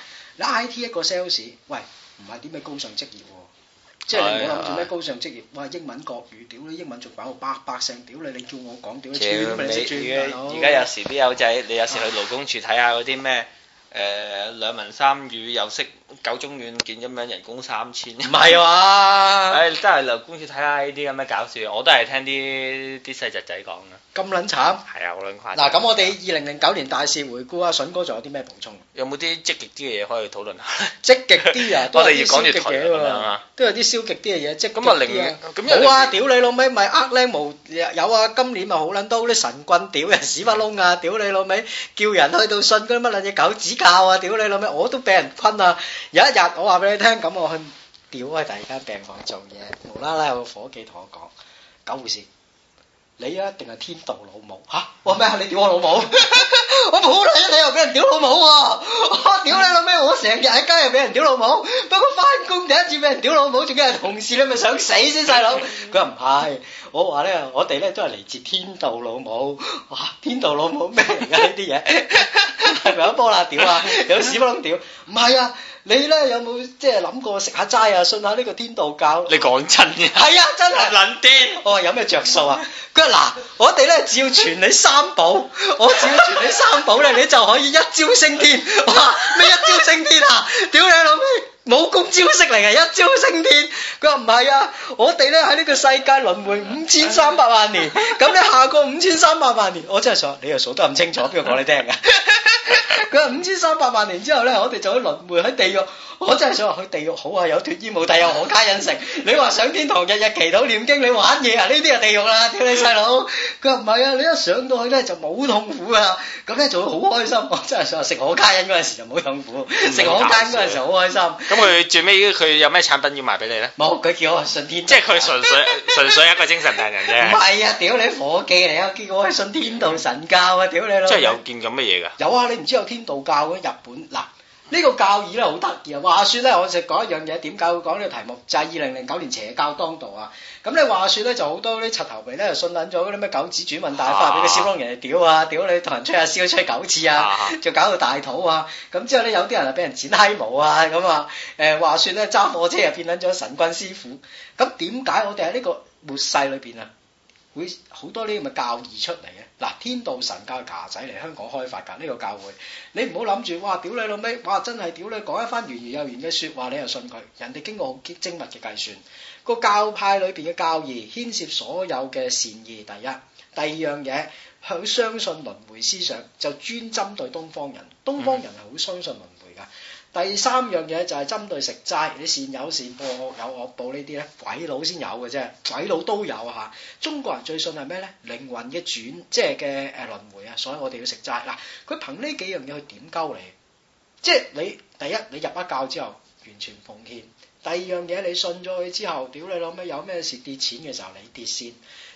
你 IT 一個 sales，喂，唔係啲咩高尚職業喎？即係你唔好諗做咩高尚職業。哇，英文國語，屌你！英文仲擺喎百百聲，屌你！你叫我講屌，串都唔識串嘅。而家有時啲友仔，你有時去勞工處睇下嗰啲咩？誒，兩文三語又識。九中院見咁樣人工三千，唔係喎，唉，真係留觀眾睇下呢啲咁嘅搞笑。我都係聽啲啲細侄仔講噶。咁撚慘？係啊，我撚誇。嗱咁，我哋二零零九年大事回顧啊，筍哥仲有啲咩補充？有冇啲積極啲嘅嘢可以討論下？積極啲啊，都係啲消極嘅。都係啲消極啲嘅嘢，積極啲啊。冇啊！屌你老味，咪呃僆無有啊！今年咪好撚多啲神棍屌人屎忽窿啊！屌你老味，叫人去到信嗰啲乜兩隻狗指教啊！屌你老味，我都俾人坤啊！有一日我話俾你聽，咁我去屌喺第二間病房做嘢，無啦啦有個伙計同我講，狗護士，你一定係天道老母，吓我咩？你屌我老母？ 我冇啦，你又俾人屌老母喎、啊 啊！我屌你老咩？我成日喺街又俾人屌老母，不過翻工第一次俾人屌老母，仲驚係同事，你咪想死先，細佬。佢話唔係，我話咧，我哋咧都係嚟自天道老母，天道老母咩嚟噶呢啲嘢？係咪有波啦？屌啊！有屎窟窿屌，唔係啊！你呢有冇即係諗過食下齋啊，信下呢個天道教？你講真嘅？係啊，真係捻癲！我話有咩着數啊？佢話嗱，我哋呢只要傳你三寶， 我只要傳你三寶呢，你就可以一朝升天。哇！咩一朝升天啊？屌你老味！武功招式嚟嘅，一招升天。佢話唔係啊，我哋咧喺呢個世界輪迴五千三百萬年。咁 你下個五千三百萬年，我真係想，你又數得咁清楚，邊個講你聽嘅？佢話五千三百萬年之後咧，我哋就喺輪迴喺地獄。我真係想話佢地獄好啊，有脫衣舞帝，有可卡因食，你話上天堂日日祈禱念經，你玩嘢啊？呢啲啊地獄啦！屌你細佬，佢話唔係啊，你一上到去咧就冇痛苦噶、啊、啦，咁咧就會好開心。我真係想話食可卡因嗰陣時就冇痛苦，食可卡因嗰陣時好開心。咁佢最尾佢有咩產品要賣俾你咧？冇，佢叫我信天道。即係佢純粹純粹一個精神病人啫、就是。唔係 啊！屌你伙計嚟啊！結果我係信天道神教啊！屌你囉。即係有見咁乜嘢㗎？有啊！你唔知有天道教嘅日本嗱。呢個教義咧好得意啊！話説咧，我就講一樣嘢，點解會講呢個題目？就係二零零九年邪教當道啊！咁咧話説咧，就好多啲柒頭皮咧就信撚咗嗰啲咩九屎轉問大法俾個小聾人屌啊！屌你同人吹下燒吹九屎啊！就搞到大肚啊！咁之後咧有啲人啊俾人剪閪毛啊咁啊！誒話説咧揸貨車又變撚咗神棍師傅。咁點解我哋喺呢個末世裏邊啊，會好多呢啲咁嘅教義出嚟啊？嗱，天道神教架仔嚟香港開發㗎，呢個教會，你唔好諗住哇，屌你老味，哇真係屌你，講一番圓言又圓嘅說話你又信佢，人哋經過好精密嘅計算，個教派裏邊嘅教義牽涉所有嘅善意，第一，第二樣嘢佢相信輪迴思想，就專針對東方人，東方人係好相信輪。嗯第三樣嘢就係針對食齋，你善有善報，惡有惡報呢啲咧，鬼佬先有嘅啫，鬼佬都有嚇。中國人最信係咩咧？靈魂嘅轉，即係嘅誒輪迴啊，所以我哋要食齋嗱。佢憑呢幾樣嘢去點鳩你？即係你第一，你入一教之後完全奉獻；第二樣嘢，你信咗佢之後，屌你老咩？有咩事跌錢嘅時候，你跌先。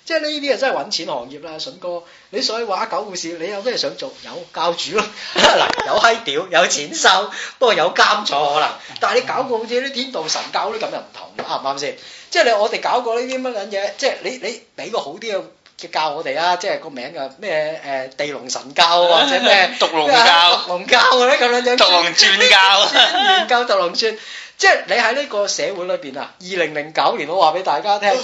即係呢啲啊，真係揾錢行業啦，筍哥。你所想話搞故事，你有咩想做？有教主咯，嗱， 有閪屌，有錢收，不過有監坐可能。但係你搞過好似啲天道神教嗰啲咁又唔同，啱唔啱先？即係你，你我哋搞過呢啲乜嘢？即係你你俾個好啲嘅嘅教我哋啊！即係個名啊咩誒地龍神教或者咩 毒龍教毒龍教嗰啲咁樣樣。 毒龍尊船教，亂 教毒龍尊。即係你喺呢個社會裏邊啊！二零零九年，我話俾大家聽。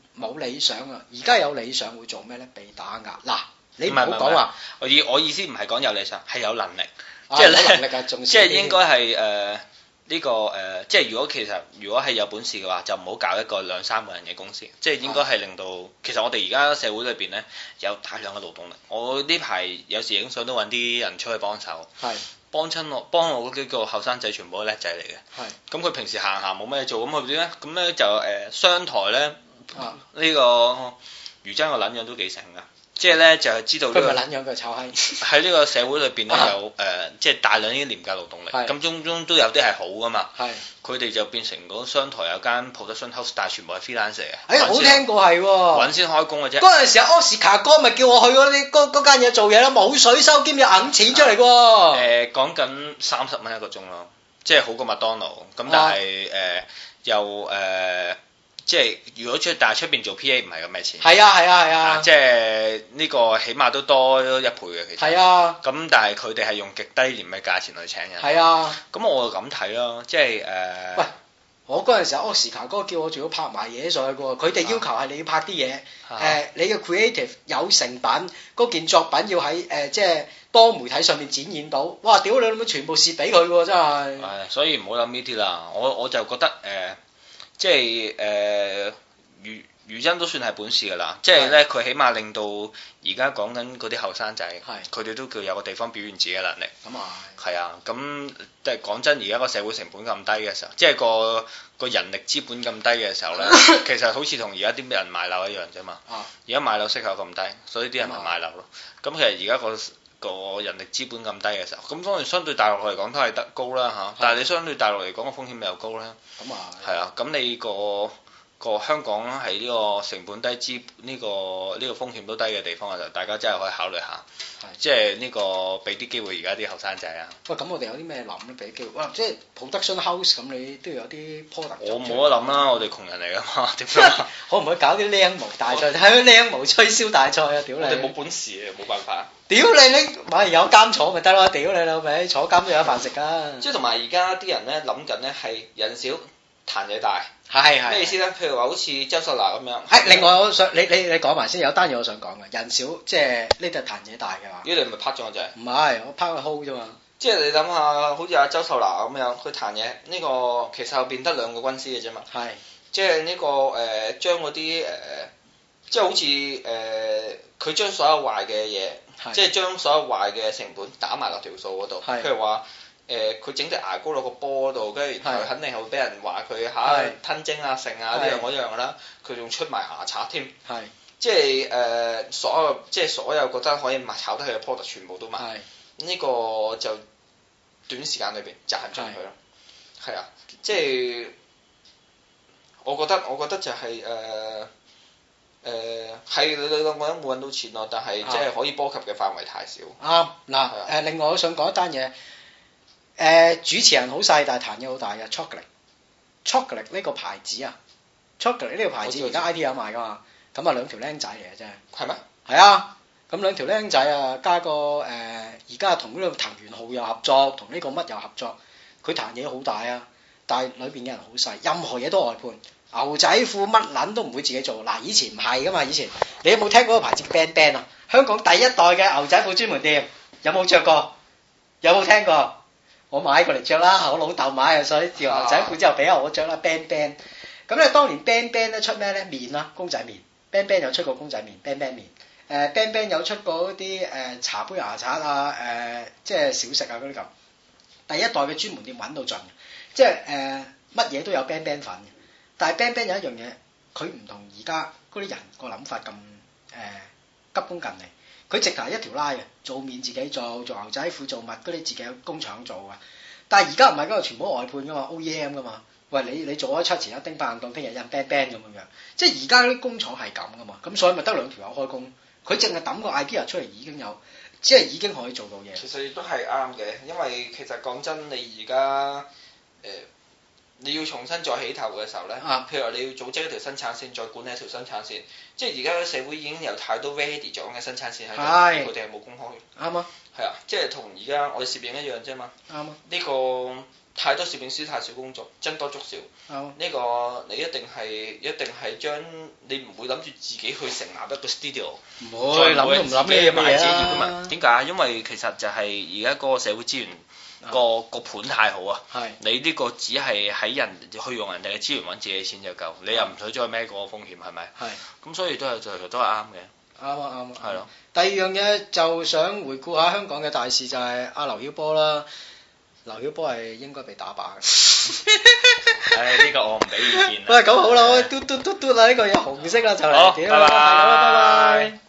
冇理想啊！而家有理想會做咩咧？被打壓嗱，你唔係好講話。我意我意思唔係講有理想，係有能力，即係、啊啊、能力啊！仲即係應該係誒呢個誒、呃，即係如果其實如果係有本事嘅話，就唔好搞一個兩三個人嘅公司，即、就、係、是、應該係令到。是的 其實我哋而家社會裏邊咧有大量嘅勞動力。我呢排有時影相都搵啲人出去幫手，係是的 幫親我，幫我嗰幾個後生仔全部叻仔嚟嘅。係咁是的 的，佢平時行行冇咩做咁，佢點咧咁咧就誒、呃呃呃、商台咧。呢呢個餘真個撚樣都幾醒噶，即係咧就係知道佢咪撚樣個臭閪喺呢個社會裏邊咧有誒，即係大量啲廉價勞動力，咁中中都有啲係好噶嘛。係，佢哋就變成嗰商台有間 production house，但係全部係 freelancer 嘅。哎，好聽過係喎，揾先開工嘅啫。嗰陣時阿 Oscar 哥咪叫我去嗰啲嗰間嘢做嘢咯，冇水收兼要銀錢出嚟喎。誒，講緊三十蚊一個鐘咯，即係好過麥當勞咁，但係誒又誒。即係如果出但係出面做 PA 唔係咁咩錢？係啊係啊係啊！啊啊呃、即係呢個起碼都多一倍嘅其實。係啊。咁但係佢哋係用極低廉嘅價錢去請人。係啊。咁我就咁睇咯，即係誒。呃、喂，我嗰陣時阿 Oscar 哥叫我仲要拍埋嘢上去喎，佢哋要求係你要拍啲嘢，誒、啊呃、你嘅 creative 有成品，嗰件作品要喺誒、呃、即係多媒體上面展現到。哇！屌你老母，全部蝕俾佢喎真係。係，所以唔好諗呢啲啦。我我就覺得誒。呃即係誒語語音都算係本事㗎啦，即係咧佢起碼令到而家講緊嗰啲後生仔，佢哋是的 都叫有個地方表現自己嘅能力。咁啊！係。啊，咁即係講真，而家個社會成本咁低嘅時候，即係個個人力資本咁低嘅時候咧， 其實好似同而家啲咩人買樓一樣啫嘛。而家、啊、買樓息口咁低，所以啲人咪買樓咯。咁其實而家、個個人力資本咁低嘅時候，咁當然相對大陸嚟講都係得高啦嚇，但係你相對大陸嚟講個風險又高啦？咁啊係，啊，咁你個個香港係呢個成本低、資呢個呢個風險都低嘅地方嘅時候，大家真係可以考慮下，即係呢個俾啲機會而家啲後生仔啊。喂，咁我哋有啲咩諗咧？俾機會，即係 production house 咁，你都要有啲 product 我冇得諗啦，我哋窮人嚟噶嘛，可唔可以搞啲靚模大賽，係靚模吹銷大賽啊！屌你，我哋冇本事冇辦法。屌你拎，咪有監坐咪得咯！屌你老味，坐監都有飯食噶。即係同埋而家啲人咧諗緊咧係人少彈嘢大，係係。咩意思咧？譬如話好似周秀娜咁樣。係、哎，另外我想你你你講埋先，有單嘢我想講嘅，人少即係呢度彈嘢大嘅嘛。咁你咪拍咗我就係？唔係，我拍佢 hold 啫嘛。即係你諗下，好似阿周秀娜咁樣，佢彈嘢呢個其實變得兩個軍師嘅啫嘛。係係係、呢個。即係呢個誒，將嗰啲誒。呃即係好似誒，佢、呃、將所有壞嘅嘢，是即係將所有壞嘅成本打埋落條數嗰度。是譬如話誒，佢整隻牙膏落個波度，跟住佢肯定係會俾人話佢嚇吞精啊、性是啊呢、啊、是樣嗰樣噶啦。佢仲出埋牙刷添。係是即係誒、呃，所有即係所有覺得可以賣炒得起嘅 product，全部都賣。呢是個就短時間裏邊賺盡佢咯。係啊，即係我覺得，我覺得就係、是、誒。呃誒，係你你兩個人冇搵到錢咯，但係即係可以波及嘅範圍太少。啱，嗱，誒、啊，另外我想講一單嘢。誒、呃，主持人好細，但係彈嘢好大嘅，Chocolate，Chocolate 呢個牌子啊，Chocolate 呢個牌子而家 IT 有賣噶嘛，咁啊兩條僆仔嚟嘅啫，係咩？係嗎啊，咁兩條僆仔啊，加個誒，而家同呢個藤原浩又合作，同呢個乜又合作，佢彈嘢好大啊，但係裏邊嘅人好細，任何嘢都外判。牛仔褲乜撚都唔會自己做嗱，以前唔係噶嘛，以前你有冇聽嗰個牌子 Band Band 啊？香港第一代嘅牛仔褲專門店有冇着過？有冇聽過？我買過嚟着啦，我老豆買啊，所以條牛仔褲之後俾我着啦。Band Band 咁咧，huh. ban, 當年 Band Band 咧出咩咧麵啊？公仔麵。Band Band 有出過公仔麵，Band Band 面。誒，Band Band 有出過嗰啲誒茶杯、牙刷啊，誒即係小食啊嗰啲咁。第一代嘅專門店揾到盡，即係誒乜嘢都有 Band Band 粉。但係 bang bang 有一樣嘢，佢唔同而家嗰啲人個諗法咁誒、呃、急功近利，佢直頭一條拉嘅，做面自己做，做牛仔褲做襪嗰啲自己工廠做嘅。但係而家唔係嗰個全部外判嘅嘛，OEM 嘅嘛。喂，你你做咗出前一丁百行動，聽日印 bang bang 咁樣，即係而家啲工廠係咁嘅嘛。咁所以咪得兩條友開工，佢淨係揼個 idea 出嚟已經有，即係已經可以做到嘢。其實亦都係啱嘅，因為其實講真，你而家誒。呃你要重新再起頭嘅時候咧，譬如你要組織一條生產線，再管理一條生產線，即係而家社會已經有太多 ready 咗嘅生產線喺度，佢哋係冇公開。啱啊，係啊，即係同而家我哋攝影一樣啫嘛。啱啊，呢個太多攝影師太少工作，僧多粥少。呢個你一定係一定係將你唔會諗住自己去成立一個 studio，再諗都唔諗咩嘢買自己點解？因為其實就係而家嗰個社會資源。個個盤太好啊！係你呢個只係喺人去用人哋嘅資源搵自己嘅錢就夠，你又唔使再孭嗰個風險，係咪？係咁，所以都係，都係，都係啱嘅。啱啊，啱啊！係咯。第二樣嘢就想回顧下香港嘅大事，就係阿劉曉波啦。劉曉波係應該被打靶嘅。唉，呢個我唔俾意見。喂，咁好啦，我嘟嘟嘟嘟啦，呢個有紅色啦，就嚟幾啦，得啦。